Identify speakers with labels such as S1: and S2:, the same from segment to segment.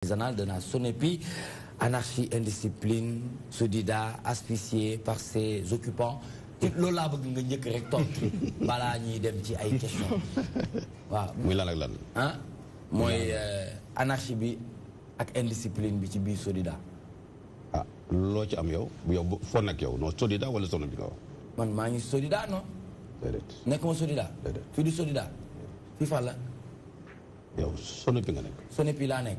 S1: artisanale de la Sonepi, anarchie, indiscipline, solida, asphyxiée par ses occupants. loolu laa bëgg nga ñëk rek tontu balaa ñuy dem ci ay question
S2: waaw. muy lan ak lan. ah mooy euh, anarchie bi ak indiscipline bi ci biir Sodida. ah loo ci am yow bu yow foo nekk yow non Sodida wala Sonepi nga wax. man maa ngi solida non. déedéet nekkuma solida. déedéet fii du
S1: Sodida. fii fan la.
S2: yow Sonepi nga nekk.
S1: Sonepi laa nekk.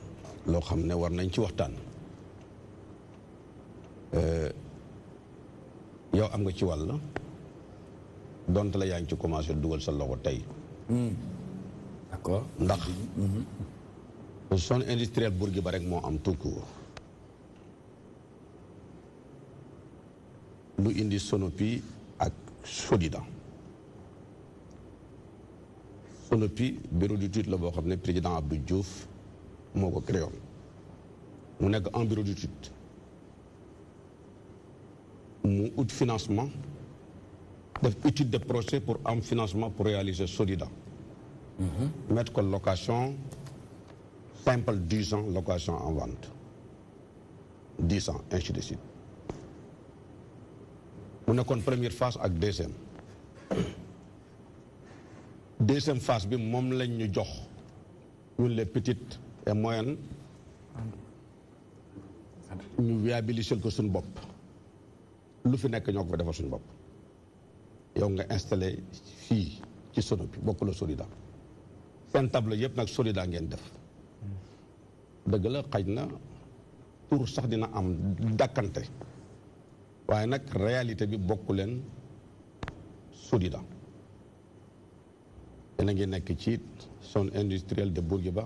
S2: loo xam ne war nañ ci waxtaan eh, yow am nga ci wàll donte la yaa ngi ci commencé dugal sa loxo tey. Hmm. d'accord ndax. Hmm. zone industrielle Bourguiba rek moo am tout court. lu indi Sonopi ak Sodida. Sonopi bureau d'étude la boo xam ne président Abdou Diouf. moko un créé mu nekk un bureau d'étude mu de financement def étude de projet pour am financement pour réaliser Solida mhm. mettre ko location simple 10 ans location en vente 10 ans ainsi de suite mu nekkoon première phase ak deuxième deuxième phase bi moom lañ ñu jox ñun les petites et moyen ñu viabiliser ko suñu bopp lu fi nekk ñoo ko fa defal suñu bopp yow nga installé fii ci sono bi bokk solida seen table yëpp nag solida ngeen def dëgg la xaj na pour sax dina am dakkante waaye nag réalité bi bokk leen solida dana ngi nekk ci zone industrielle de ba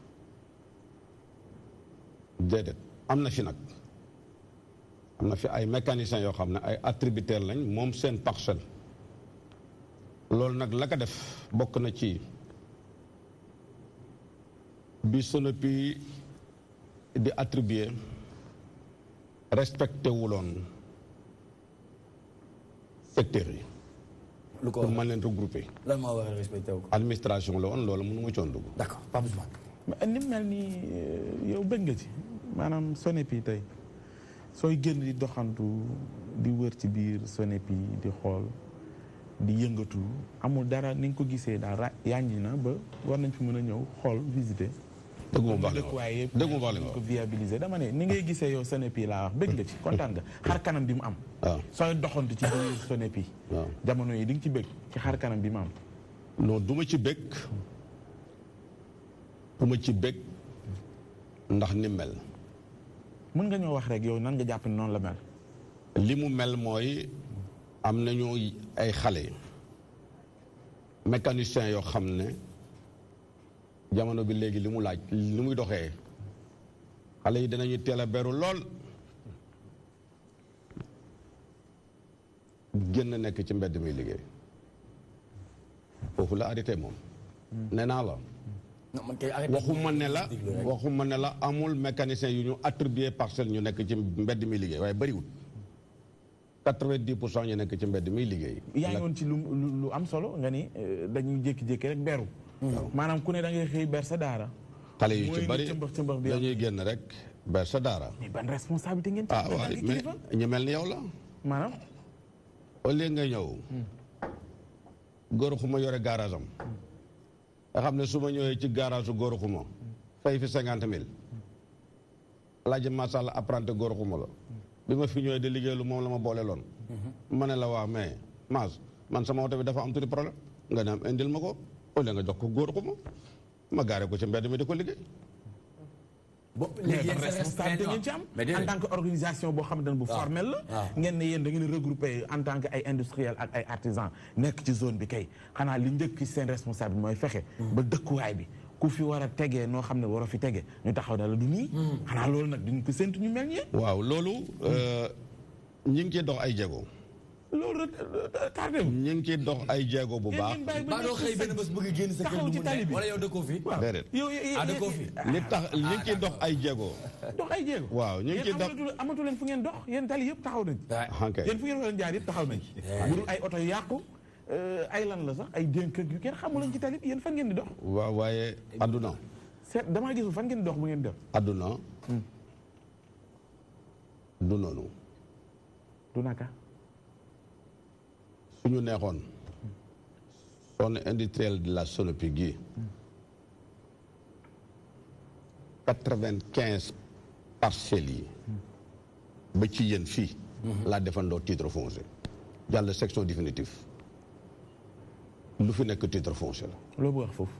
S2: déedéet am na fi nag am na fi ay mécaniciens yoo xam ne ay attributaires lañ moom seen parcelle loolu nag la ko def bokk na ci bi Sonopi di attribuer respecté wuloon secteur yi. lu ko mën leen regroupé.
S1: lan moo wax respecté wu ko.
S2: administration la woon loolu mënu ma coon
S3: dugg. d'accord mel nii euh, yow bëgg nga si maanaam Sonepi tey sooy génn di doxantu di wër ci biir Sonepi di xool di yëngatu amul dara ni nga ko gisee daal ra yàññi na ba war nañ fi mën a ñëw xool visiter. dëgg bu baax yëpp ko viabiliser dama ne ni ngay gisee yow Sonepi laa wax bëgg nga ci kontaan nga xar kanam bi mu am. waaw sooy doxantu ci biir Sonepi. waaw jamono yi di nga ci bëgg ci xar kanam bi mu am. non du ci bëgg du ma ci bëgg ndax ni mel. mën nga ñoo wax rek yow nan nga jàpp ni noonu la mel. li mu mel mooy am nañu
S2: ay xale mécanicien yoo xam ne jamono bi léegi li mu laaj li muy doxee xale yi danañu teel a beru lool génn nekk ci mbedd mi liggéey foofu la arrêté moom hmm. nee naa la.
S1: waxuma ne la
S2: waxuma ne la amul mécanicien yu ñu attribué parcelle ñu nekk ci mbedd mi liggéey waaye bëriwul quatre-vingt-dix ñu nekk ci mbedd mi
S3: liggéey yaa ngi woon ci lu lu am solo nga ni euh, dañuy jékki-jékki rek beru hmm. maanaam ku ne da ngay xëy ber sa daara xale yu ci bëri
S2: dañuy génn rek ber
S3: sa daara mais ban responsabilité ngeen ah waaw
S2: ñu mel ni yow la maanaam au nga ñëw hmm. góor xuma yore garage nga xam ne su ma ñëwee ci garage góor xuma fay fi cinquante mille laaj ma sàll apprenti góor xuma la bi ma fi ñëwee di lu moom la ma boole loon ma ne la waa mais maas man sama oto bi dafa am tuuti problème nga ne am indil ma ko wala nga jox ko góor xuma ma gaare ko ci mbedd mi di ko liggéey
S3: bo yéen seen staff da ngeen ci am en tant que organisation boo xam ne bu ah. formel la ah. ngeen ne yéen da ngeen regroupé en tant que ay industriel ak ay artisan nekk ci zone bi kay xanaa li njëkk seen responsable mooy fexe hmm. ba dëkkuwaay bi ku fi war a tegee noo xam ne waroo fi tege ñu taxaw na la du nii hmm. xanaa loolu nag duñ ko séntu ñu mel ñi waaw loolu hmm. euh, ñi ngi cee dox ay jéego loolu
S2: retardé euh, wu. ñu ngi dox ay jéego bu baax. ba
S1: génn sa kër du mu
S3: nekk ah, tax ah, ñu ngi ah, dox ay jéego. dox ñu ngi ciy dox yéen leen fu ngeen dox yéen tali yëpp taxaw nañ ci. fu ngeen jaar yëpp taxaw nañ ci. Eh. budul yu yàqu euh, ay lan la sax ay dénk yu kenn xamul lañ ci tali fan ngeen di dox.
S2: waaw waaye adduna.
S3: seet damaa gisul fan ngeen dox bu ngeen di def.
S2: adduna. Hmm. du du naka. ñu neexoon on industrielle de la Solopik gi quatre parcelles yi ba ci yéen fii mhm. la defandoo titre foncier jàll section définitive lu fi nekk titre foncier la bu wax foofu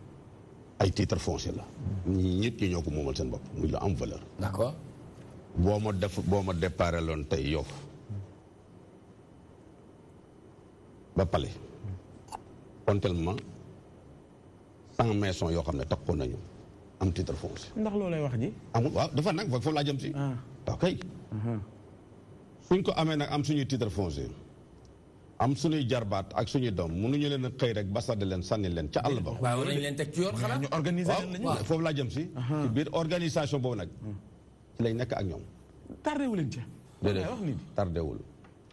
S2: ay titre foncier la nit ñi ñoo ko moomal seen bopp muy la am valeur d'accord boo ma def boo ma déparé loon tey yow ba palais actuellement cent maisons yoo xam ne takkoon nañu am titre foncier. ndax loolu lay wax ji. amul waaw dafa nag foofu laa jëm si. Ah. waaw kay. Uh-huh. suñ ko amee nag am suñuy titre foncier am suñuy jarbaat ak suñuy doom mënuñu leen a xëy rek ba sàdd leen sànni leen ca àll ba. waaw leen teg ci yoon xanaa ñu organiser leen waaw foofu laa jëm si. Uh-huh. ci biir organisation boobu nag. Hmm. ci lañ nekk ak ñoom. tardé wu leen ca. déedéet tardé wul.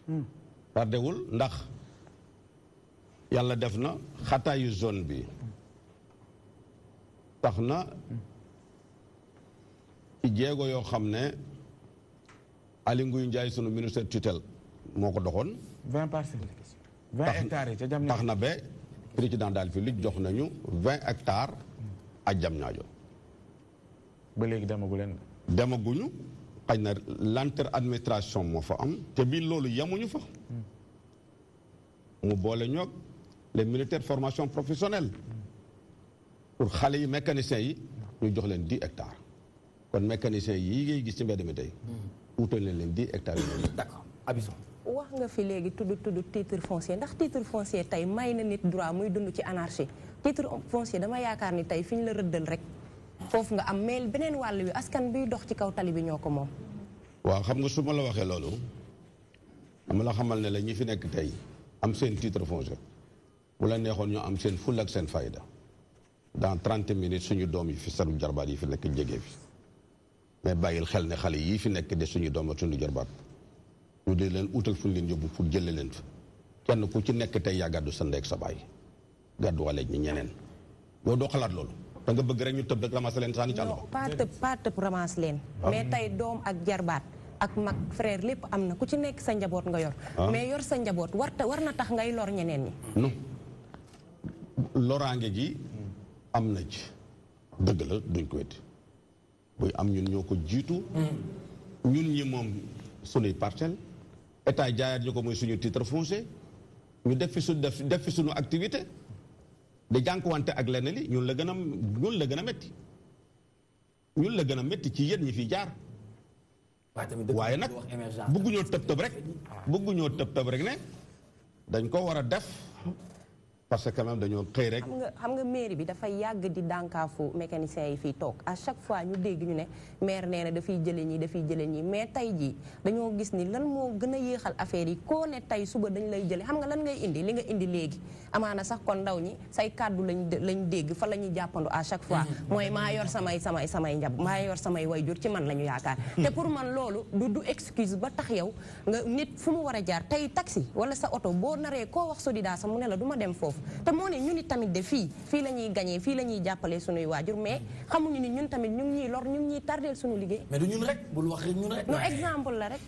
S2: Hmm. ndax. yàlla def na xataayu zone bi tax na jéego yoo xam ne Aly Ngouille Ndiaye sunu ministre tutelle moo ko doxoon.
S3: vingt parcelles
S2: vingt hectares yi ca Diamniadio na ba président daal fi lu jox nañu vingt hectares ak Diamniadio. ba léegi demagu leen. demaguñu xaj na lenteur administration moo fa am te biir loolu yemuñu fa. mu boole ñoog. les militaires formation professionnelle pour xale mécaniciens nous ñu jox leen dix hectares kon mécaniciens yi ngay gis ci mbedd mi tey 10 hmm. leen leen hectares d'accord Abison.
S4: wax nga fi léegi tudd tudd titre foncier ndax titre foncier tey may na nit droit muy dund ci anarchie titre foncier dama yaakaar ni tey fi la rëddal rek foofu nga am mais beneen wàll wi askan biy dox ci kaw tali bi ñoo ko moom
S2: waaw xam nga su ma la waxee loolu dama la xamal ne la ñi fi nekk tey am seen titre foncier bu la neexoon ñoo am seen ful ak seen fayda dans trente minutes suñu doom yi fi saru jarbaat yi fi nekk jege fi mais bàyyil xel ne xale yii fi nekk de suñu doom ak suñu jarbaat ñu dee leen utal fuñ leen yóbbu pour jële leen fa kenn ku ci nekk tey yaa gàddu sa ndeeg sa baay gàddu wale ñi ñeneen yow doo xalaat loolu danga nga bëgg rek ñu tëb rek ramasser leen sànni ci àll ba pas tëb
S4: pas tëb ramasser leen ah. mais tey doom ak jarbaat ak mag frère lépp am na ku ci nekk sa njaboot nga yor ah. mais
S2: loraange ji am na ci dëgg la duñ ko wetti buy am ñun ñoo ko jiitu ñun ñi moom suñuy parcelle état jaayaat ñu ko mooy suñu titre foncier ñu def fi su def def fi suñu activité di jànkuwante ak leneen li ñun la gën a ñun la gën a métti ñun la gën a métti ci yéen ñi fi jaar waaye nag
S1: bëgguñoo tëb tëb rek
S2: bëgguñoo tëb tëb rek ne dañ ko war a def parce que quand dañoo xëy rek. xam
S4: nga xam bi dafay yàgg di dànkaafu mécaniciens yi fii toog à chaque fois ñu dégg ñu ne maire nee na dafay jëlee ñii dafay jëlee ñii mais tey jii dañoo gis ni lan moo gën a yéexal affaire yi koo ne tey suba dañ lay jëlee xam nga lan ngay indi li nga indi léegi amaana sax kon ñi say kàddu lañ lañ dégg fa la ñuy jàppandu à chaque fois. Mm-hmm. mooy maa yor samay samay samay njab maa yor samay wayjur ci man la ñu yaakaar. Mm-hmm. te pour man loolu du du excuse ba tax yow nga nit fu mu war a jaar tey taxi wala sa oto boo naree koo wax solidarité mu ne la du ma dem foofu te moo ne ñun tamit de fii lañuy gañee fii lañuy ñuy jàppalee sunuy waajur mais mm-hmm. xamuñu ni ñun tamit ñu ngi ñuy lor ñu ñuy tardeel suñu liggéey mais du ñun rek bul wax rek la rek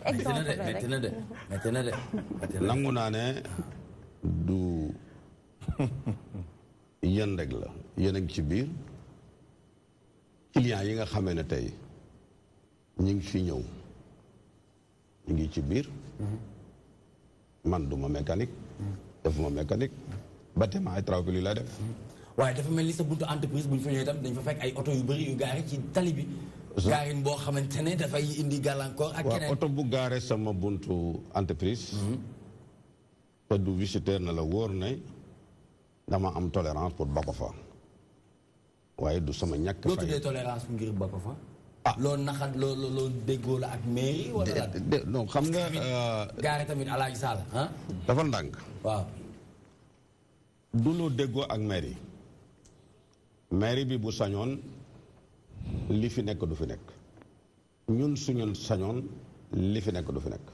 S2: de nangu naa ne du yéen rek la yéen a ngi ci biir clients yi nga xamee ne tey ñu ngi fi ñëw ñu ngi ci biir mm-hmm. man du duma mécanique mm-hmm. defuma mécanique bâtiment ay travaux publics laa def.
S1: waaye dafa mel ni sa buntu entreprise bu ñu fa ñëwee dañ fa fekk ay oto yu bëri yu gaare ci tali bi. gaarin boo xamante ne dafay indi gàllankoor. ak
S2: bu gaare sama buntu entreprise. Mhm. te na la wóor ne dama am tolérance pour ba fa. waaye du sama ñàkk. fay
S1: loo ngir ba fa. ah loolu naxat loo déggoo la ak mairie. xam nga. Euh, gaare tamit Alaaji Sall ah. dafa ndànk. waaw.
S2: du nu déggoo ak mairie mairie bi bu sañoon li fi nekk du fi nekk ñun suñu sañoon li fi nekk du fi nekk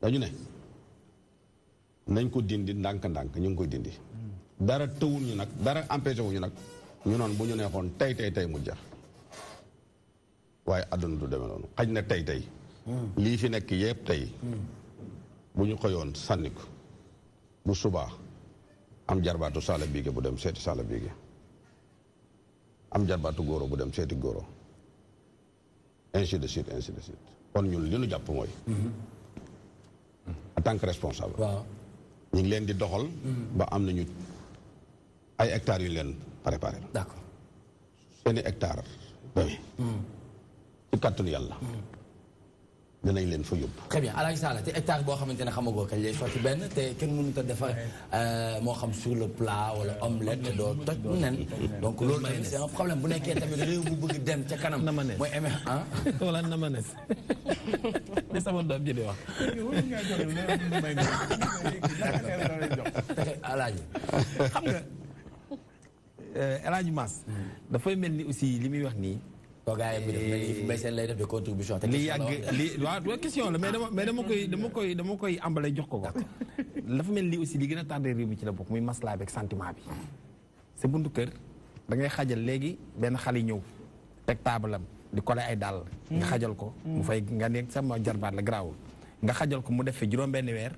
S2: dañu ne nañ ko dindi ndànk-ndànk ñu ngi koy dindi dara tëwul nag dara empêché wuñu nag ñu noon bu ñu neexoon tey tey tey mu jeex waaye àdduna du demee noonu xaj na tey tey hmm. lii fi nekk yëpp tey hmm. bu ñu xëyoon sànni ko bu subaa am jarbaatu saala biige bu dem seeti saala biige am jarbaatu góoro bu dem seeti góoro ainsi de suite ainsi de suite kon ñun li nu jàpp mooy
S3: ñu
S2: ngi leen di doxal ba am nañu ay hectares yu leen préparé d'accord seeni hectare demee mm. ci kàttanu yàlla mm. dinañ leen fa yóbbu.
S1: très bien Alaaji Sall te hectare boo xamante ne xamagoo kañ lay sotti benn te kenn mënut a defar euh, moo xam sur le plat wala omelette doo toj nen. donc loolu tamit c'est un problème bu nekkee tamit réew
S5: bu bëgg dem ca kanam. nama ne mooy amee ah. wala nama ne li sama doom ji di wax. Alaaji xam nga euh, Alaaji Mas. Hmm. dafay mel ni aussi li muy wax nii. toogaayam bi def mel ni Mbaye Sène lay def de contribution. te li yàgg li waaw question la mais dama koy dama koy dama koy ambale jox ko ko. dafa mel ni aussi li gën a tardé réew mi ci la bokk muy maslaa beeg sentiment bi. sa buntu kër dangay xajal léegi benn xale ñëw teg table am di kole ay dàll. nga xajal ko. Mm. mu fay nga nekk sama jarbaat la garaawul. nga xajal ko mu def fi juróom-benni weer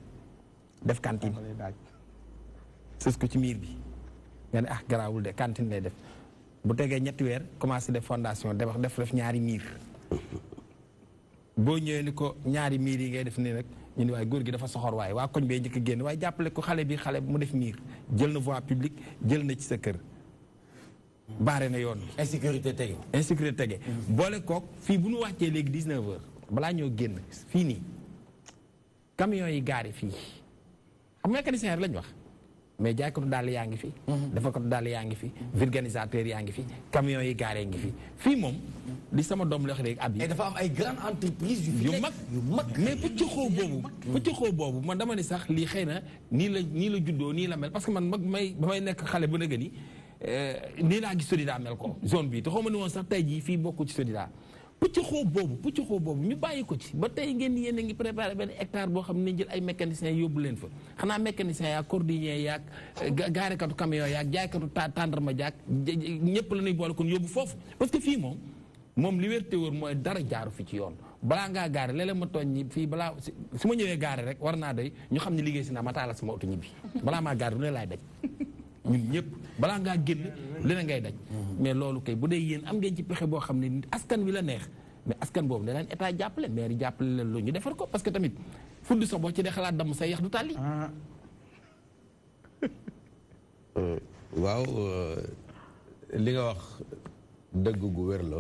S5: def cantine. sës ko ci miir bi nga ne ah garaawul de cantine lay def. bu tegee ñetti weer commencé def fondation def def def ñaari miir boo ñëwee ni ko ñaari miir yi ngay def nii nag ñu ni waaye góor gi dafa soxoor waaye waa koñ bee njëkk génn waaye jàppale ko xale bi xale bi mu def miir jël na voie publique jël na ci sa kër baare na yoon insécurité tege insécurité tege boole kook fii bu ñu wàccee léegi 19 heures balaa ñoo génn fii nii camion yi gaari fii xam mécanicien lañ wax mais jaaykatu daal yaa ngi fi. Mhm. dafa defarkatu daal yaa ngi fi. vulganisateur yaa ngi fi camion yi gaaree ngi fi fii moom. li sama doom li wax léegi ab yi. dafa am ay grandes entreprises yu mag yu mag mais pëcc xoo boobu. xoo boobu man dama ne sax lii xëy na nii la nii la juddoo nii la mel parce que man mag may ba nekk xale bu nëgë ni euh, nii laa gis Sodida mel ko zone bi te xaw ma ne woon sax tey jii fii bokku ci Sodida. pucc xoo boobu pucc xoo boobu ñu bàyyi ko ci ba tey ngeen yéen a ngi préparé benn hectare boo xam ne jël ay mécaniciens yóbbu leen fa xanaa mécaniciens yaag cordonniers yaag eh, gaarekatu camion yaag jaaykatu ta tàndarma jaag ñëpp la ñuy boole kon yóbbu foofu parce fii moom moom li wér te mooy dara jaaru fi ci yoon balaa ngaa gaare léeg ma tooñ ñi fii balaa su ma ñëwee gaare rek war naa doy ñu xam ne liggéey si naa ma taala sama oto ñibbi balaa maa gaare du ne ñun ñëpp balaa ngaa génn li na ngay daj mais loolu kay bu dee yéen am ngeen ci pexe boo xam ne askan wi la neex mais askan boobu ne leen état jàppale maire yi jàppale leen loolu ñu defar ko parce que tamit fudd sax boo ci dee xalaat damm say yax du tàlli
S2: euh, waaw euh, li nga wax dëgg gu wér la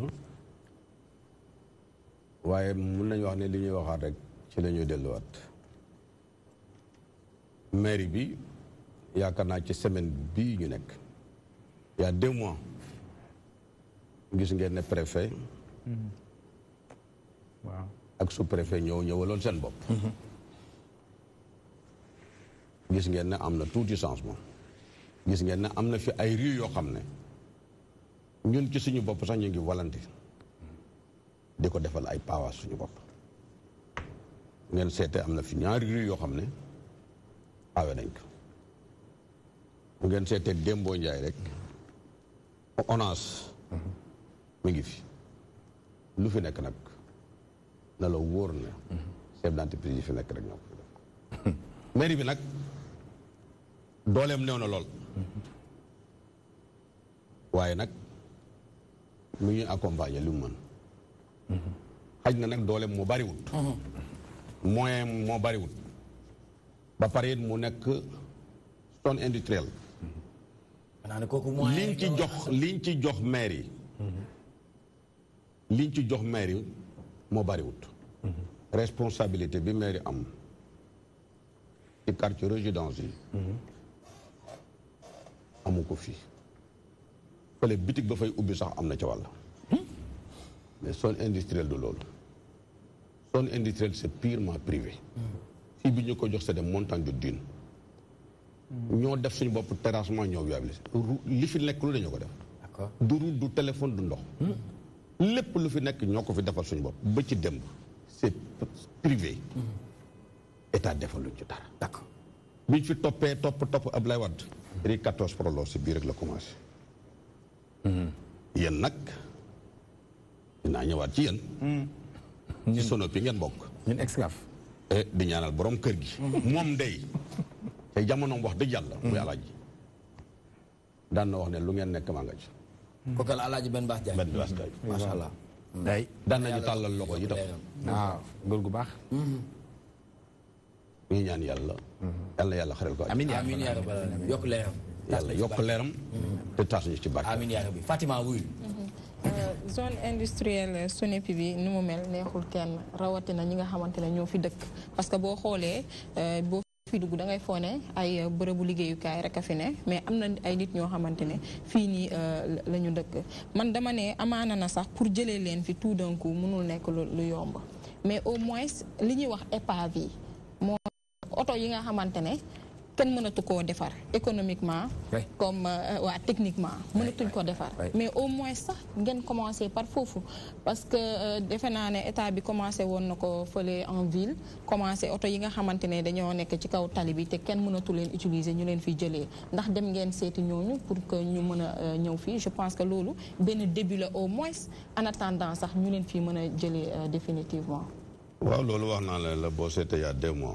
S2: waaye mun nañu wax ne li ñuy waxaat rek ci la delluwaat mairie bi yaakaar naa ci semaine bii ñu nekk il y deux mois gis ngeen ne préfet
S4: mm-hmm.
S3: waaw
S2: ak sous préfet ñëw ñëwaloon seen bopp mm-hmm. gis ngeen ne am na tuuti changement gis ngeen ne am na fi ay riiw yoo xam ne ñun ci suñu bopp sax ñu ngi walante di ko defal ay paawaas suñu bopp ngeen seete am na fi ñaari riiw yoo xam ne awe nañ ko bu ngeen seetee Dembo Ndiaye rek ONAS mu ngi fi lu fi nekk nag na la wóor na chef d'entreprise yi fi nekk rek ñoo ko def bi nag dooleem néew na lool waaye nag mu ñuy accompagner li mu mën xaj na nag dooleem moo bariwut moyen moo bariwut ba pare it mu nekk zone industrielle
S1: liñ ci
S2: jox liñ ci jox maire yi liñ ci jox maire yi moo bariwut responsabilité bi maire am ci quartier résidence yi amuko fi fii boutique ba fay ubbi sax amna ci ca wàll mais zone industriel du loolu zone industriel c'est purement privé fii bi ñu ko jox c'est des montagnes de dunes Mm. ñoo def suñu bopp terrassement ñoo viabilisé li fi nekk lu dañoo ko def du route du téléphone du ndox mm. lépp lu fi nekk ñoo ko fi defal suñu bopp ba ci démb c'est privé mm. état defal luñ ci dara d'accord biñ fi toppee topp topp ab lay ri 14 prolo si bii rek la commencé yéen nag dinaa ñëwaat ci yéen ci sono bi ngeen bokk ñun esclave eh, di ñaanal borom kër gi moom day te jamonoom wax dëgg yàlla. muy mm-hmm. alaaji daan na wax ne lu ngeen nekk maa nga ci.
S1: Mm-hmm. kooku
S2: la alaaji benn baax jaay benn baax jaay. Mm-hmm. macha allah. day daan nañu tàllal loxo yi tam. waaw góor gu baax. ñu ñaan yàlla. yàlla yàlla ko. amiin amiin yaa rabbi yokk leeram. yàlla yokk te taas ci barke. amiin yaa rabbi
S1: Fatima wuy.
S4: Euh, zone industrielle Sonepi bi ni mu mel neexul kenn rawatina ñi nga xamante ne ñoo fi dëkk parce que boo xoolee euh, fiy dugg da ngay foone ay euh, bërëbu kaay rek a fi ne mais am na ay nit ñoo xamante ne fii nii euh, la ñu dëkk man dama ne amaana na sax pour jëlee leen fi tout d'un coup mënul nekk lu yomb mais au moins li ñuy wax épave moo oto yi nga xamante kenn mënatu koo defar économiquement comme euh, waa techniquement mënatuñ ko defar mais au moins sax ngeen commencé par foofu parce que euh, defe naa ne état bi commencé woon na ko fële en ville commencé oto yi nga xamante ne dañoo nekk ci kaw tali bi te kenn mënatu leen utiliser ñu leen fi jëlee ndax dem ngeen seeti ñooñu pour que ñu mën a euh, ñëw fii je pense que loolu benn début la au moins en attendant sax ñu leen fii mën a jëlee définitivement
S2: waaw loolu wax naa la la boo seetee y a deux mois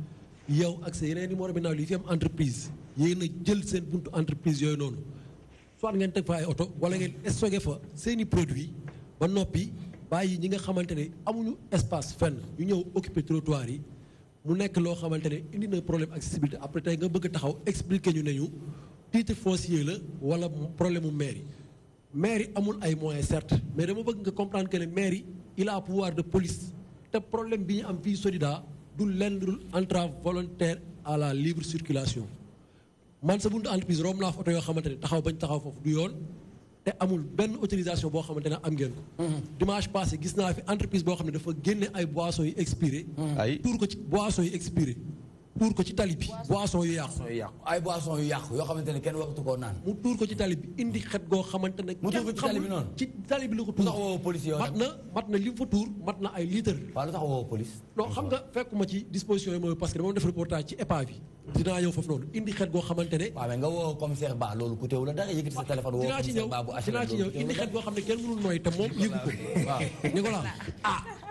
S6: yow ak sa yeneen i moroom naaw lii fi am entreprise yéen a jël seen buntu entreprise yooyu noonu soit ngeen teg fa ay oto wala ngeen stocké fa seeni produit ba noppi bàyyi ñi nga xamante ne amuñu espace fenn ñu ñëw occuper trottoir yi mu nekk loo xamante ne indi na problème accessibilité après tey nga bëgg taxaw expliquer ñu ne ñu titre foncier la wala problème mu mairie mairie amul ay moyens certes mais dama bëgg nga comprendre que ne mairie il a pouvoir de police te problème bi ñu am fii Sodida du lenn dul entrave volontaire à la libre circulation man sa buntu entreprise romb naa fa oto yoo xamante ne taxaw bañ taxaw foofu du yoon te amul benn autorisation boo xamante ne am ngeen ko. Mm-hmm. dimanche passé gis naa fi entreprise boo xam ne dafa génne ay boissons yu expiré. Mm-hmm. ay tuur ko ci boissons yu expiré. tuur ko ci tali bi yu yàqu ay boisson yu yàqu yoo xamante kenn waxtu koo naan mu tuur ko ci tali indi xet goo xamante mat na mat na li mu fa tuur mat na ay litre waaw lu tax woo police non xam nga fekkuma ci disposition yi parce que def reportage ci EPA bi dinaa yow foofu noonu indi xet goo xamante nga woo commissaire Ba loolu
S1: ku teew la dara yëkkati sa téléphone woo dinaa ci ñëw dinaa ci indi xet
S6: goo xam ne kenn mënul nooy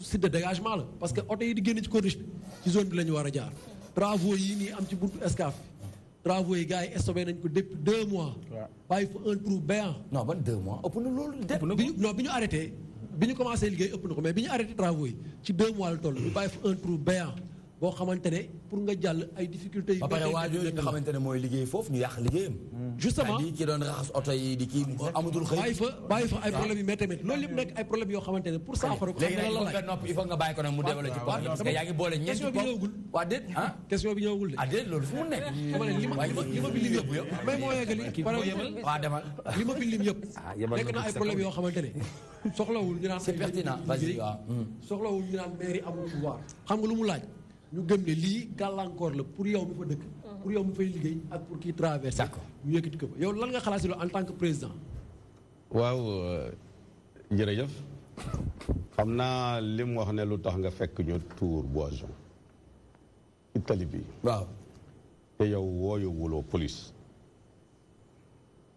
S6: site de dégagement la parce que oto yi di génn ci corniche ci zone bi la ñu war a jaar travaux yii nii am ci buntu Excaf travaux yi gars yi stoppé nañ ko depuis deux mois. waaw bàyyi fa un trou béant. non ban deux mois ëpp na loolu. ëpp bi ñu arrêté bi ñu commencé liggéey ëpp na ko mais bi ñu arrêté travaux yi ci deux mois la toll ñu bàyyi fa un trou béant boo xamante ne pour nga jàll ay difficultés. yu ba pare waajoo yi nga xamante mooy liggéey foofu ñu yàq justement lii ki doon raxas oto yi di kii amatul xëy. bàyyi fa bàyyi fa ay ah. problème yu métti métti loolu lépp nekk ay problème yoo xamante pour saafara ko. léegi nga
S1: noppi il faut nga bàyyi ko xam
S6: nga lu mu laaj ñu gëm ne lii gàllankoor la pour yow mi fa dëkk pour yow mu fay liggéey ak pour kii traversé. d'accord ñu yëkkati ko yow lan nga xalaat en tant que président.
S2: waaw euh, jërëjëf xam naa li wax ne lu tax nga fekk ñu tuur boison. Italie bi. waaw te yow wooyu police.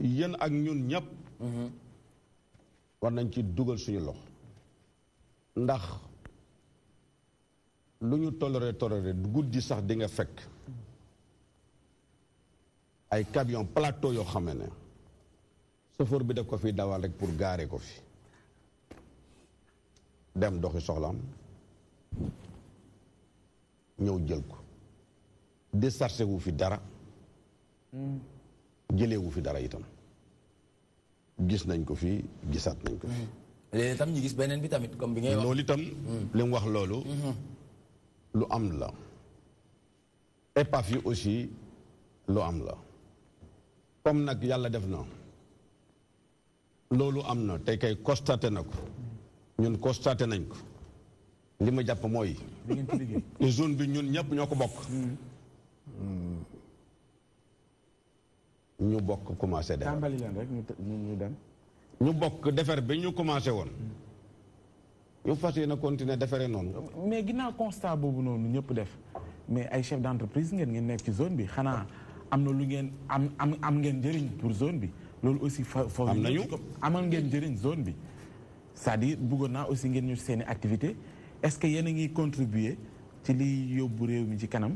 S2: yenn ak ñun ñëpp. war nañ ci dugal suñu loxo. ndax lu ñu toléré toléré guddi sax dinga nga fekk ay camion plateau yoo xam ne chauffeur bi def ko fi dawal rek pour gaare ko fi dem doxi soxlaam ñëw jël ko déchargé wu fi dara. Hmm. jëleewu fi dara itam gis nañ ko fi gisaat nañ ko fi.
S1: Mm-hmm. ñu gis beneen bi tamit comme bi ngay wax. loolu itam.
S2: Mm-hmm. li mu wax loolu. Mm-hmm. lu am la. épaf yi aussi lu am la. comme nag yàlla def na. loolu am na tey kay constaté na ko. ñun constaté nañ ko. li ma jàpp mooy.
S3: zone bi ñun
S2: ñëpp ñoo ko bokk. ñu bokk commencé
S3: defar tàmbali leen rek ñu dem.
S2: ñu bokk defar bi ñu commencé woon. Mm.
S3: ñu fas yéene continuer defaree noonu. mais ginnaaw constat boobu noonu ñëpp def mais ay chef d' entreprise ngeen ngeen nekk ci zone bi xanaa am na lu ngeen am am am ngeen njëriñ pour zone bi loolu aussi. fa fa am nañu amal ngeen njëriñ zone bi c'est-à-dire aussi ngeen ñu seeni activité est-ce que yéen a ngi contribuer ci liy yóbbu réew mi ci kanam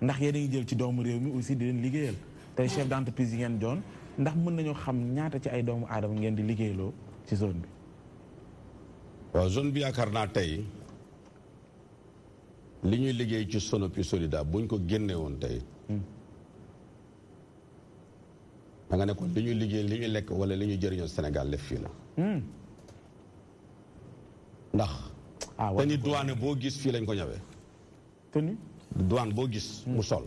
S3: ndax yéen a ngi jël ci doomu réew mi aussi di leen liggéeyal. tey chef d'entreprise yi ngeen doon ndax mën nañoo xam ñaata ci ay doomu aadama ngeen di liggéeyloo
S2: ci zone bi. waaw zone bi yaakaar naa tey li ñuy liggéey ci Sonopi Solida buñ ko génnee woon tey. Hmm. da nga ne kon li ñuy liggéey li ñuy lekk wala li ñuy jëriñoo senegal def fii la. Hmm. ndax. ah te ni douane boo gis fii lañ ko ñëwee. te ni douane boo gis. Hmm. mu sol.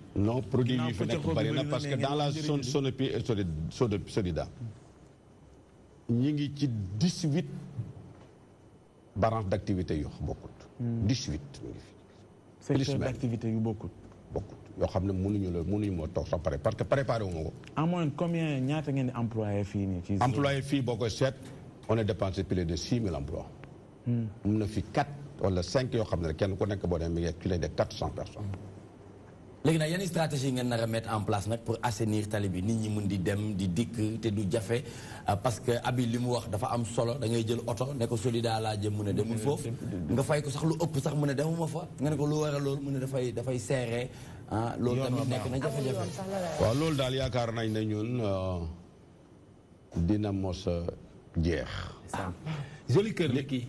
S3: Non, produit non, fait parce que, dans la zone
S2: de Solida, il y a 18 barrages d'activité. 18. Hmm. Secteur d'activité, beaucoup. Beaucoup. Il y a beaucoup de Parce que préparé.
S3: En moins, combien d'emplois sont ici Employés
S2: sont beaucoup 7. On a dépensé plus de 6 000 emplois. Hmm. On a fait 4 ou 5 qui ont été a à 400 personnes.
S1: légi nag yan stratégie ngeen nar a mettre en place nag pour assainir tali nit ñi mën di dem di dikk te du jafe ah, parce que abi li wax dafa am solo da ngay jël oto ne ko solidaa laa jëm mu ne demul foofu nga fay ko sax lu ëpp sax mu ne demuma nga ne ko lu war a loolu mu ne dafay dafay serré loolu tamit nekk na jafe-jafe
S2: waaw loolu daal yaakaar nañ ne ñun ah, dina mos ah, jeex. Ah. joli cœur. la kii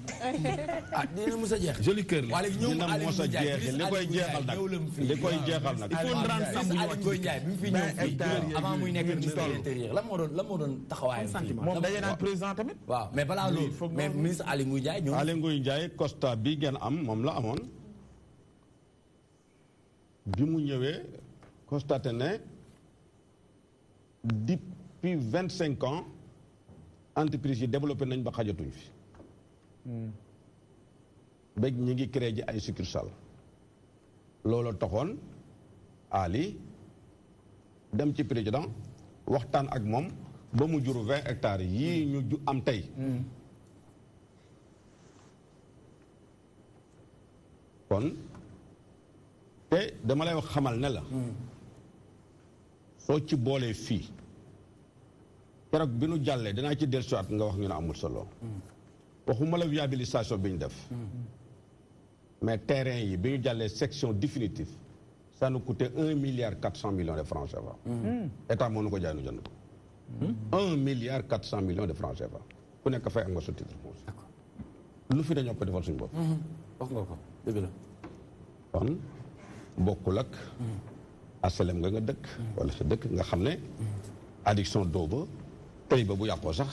S1: ah dina mos a jeex. joli kër la dina mos a jeex li koy jeexal nag li koy jeexal nag. il faut ndran sàmm ñu wàcc Ndiaye bi mu fi ñëw avant muy nekk ci de l'intérieur la mo doon la mo doon taxawaayam
S3: fii. moom daje naan président tamit.
S2: waaw mais balaa loolu mais ministre Ali Ngouille Ndiaye ñëw. Ali Ngouille Ndiaye Costa bi gën am mom la amone. bi mu ñëwee constaté ne depuis 25 ans. entreprise yi développé nañ ba xajatuñ fi. Hmm. bëgg ñu ngi créé ji ay succursale loolu taxoon Ali dem ci président waxtaan ak moom ba mu jur vingt hectares yii hmm. ñu ju am tey. Hmm. kon te dama lay wax xamal ne la. soo ci boolee fii. keroog bi nu jàllee danaa ci dellusiwaat nga wax ñu ne amul solo. waxuma la viabilisation bi ñu def. mais terrain yi bi ñu jàllee section définitive ça nous coûtait un milliard quatre cent millions de francs CFA. état moo nu ko jaay nu jënd ko. un milliard quatre cent millions de francs CFA ku nekk fay am nga sa titre foncier. lu fi ne ko defal suñu bopp. Mhm. wax nga ko dëgg la. kon bokkul ak. asalem mhm. nga nga dëkk. Mhm. wala sa dëkk nga xam ne. addiction dooba. tey ba bu yàqoo sax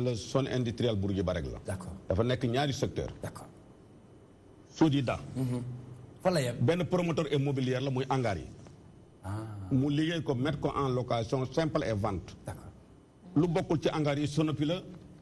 S2: ne la zone industrielle Bourguiba rek la. dafa nekk ñaari secteur d'accord Sodida. Mhm. fa la yem benn promoteur immobilier la muy hangar yi. Ah. mu liggéey ko mettre ko en location simple et vente. lu bokkul ci hangar Sonopi la.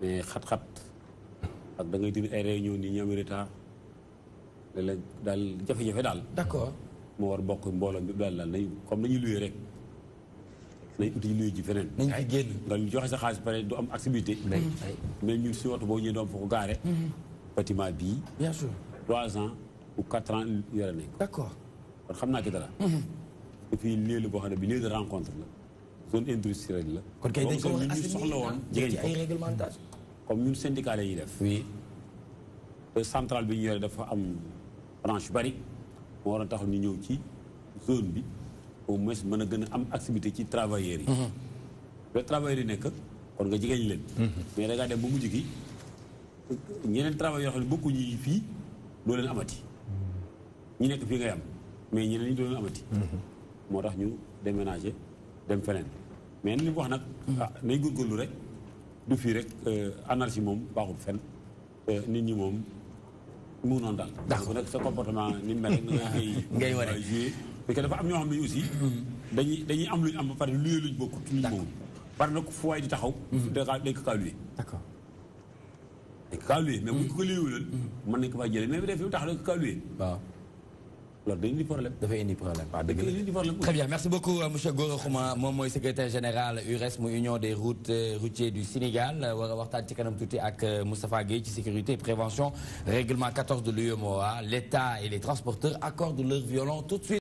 S7: mais xat-xat ak da ngay tamit ay réunion ni ñoom retard léeg-léeg daal jafe-jafe daal. d'accord moo war bokk mbooloo bi daal daal nañu comme nañu luy rek nañ uti luy ji feneen. nañ ay génn nga joxe sa xaalis pare du am activité. Mm-hmm. mais ñun si oto boo ñëwee doom fa ko gaare. Mm-hmm. bâtiment bi bien sûr trois ans ou quatre ans yore nañ d'accord kon xam naa ki dara. Mm-hmm. et puis lieu boo xam ne bi lieu de rencontre la. zone industrielle la. kon kay dañ a soxla woon euh, bi ñu yore dafa am branche a tax ñu ñëw ci zone bi au moins mën gën am activité ci travailleurs yi. ba mhm. travailleurs yi nekk kon nga jigéen leen. Mhm. mais da ngaa dem ba mujj gi ñeneen travailleurs yoo xam ne bokkuñu fii doo leen amati. ñi nekk fii ngay am mais ñeneen ñi doo leen amati. Mhm. moo tax ñu déménager dem feneen. mais li mu wax nag. ah góor góorgóorlu rek du fii rek euh, anarchie moom baaxul fenn euh, nit ñi moom mu noonu daal. ko nag sa comportement ni mel rek. ngay waree ngay parce que dafa am ñoo xam ne aussi. Mm-hmm. dañuy dañuy am lu am ba pare luy luñ bokkut. d' accord luñ par nag fu waay di taxaw. Mm-hmm. da kaa dañ ko kaa luy. d' accord dañ ko ko ko mm-hmm. luy mën nañ ko faa jëlee mais bu dee fi mu taxaw dañ ko kaa luy. loolu day indi problème dafay indi problème
S1: problème très bien merci beaucoup euh, monsieur Gora Khouma moom mooy secrétaire général URES mu union des routes euh, routiers du Sénégal euh, war a waxtaan ci kanam tuuti ak Moustapha Gueye ci sécurité et prévention règlement 14 de l'UEMOA l'État et les transporteurs accordent leur violon tout de suite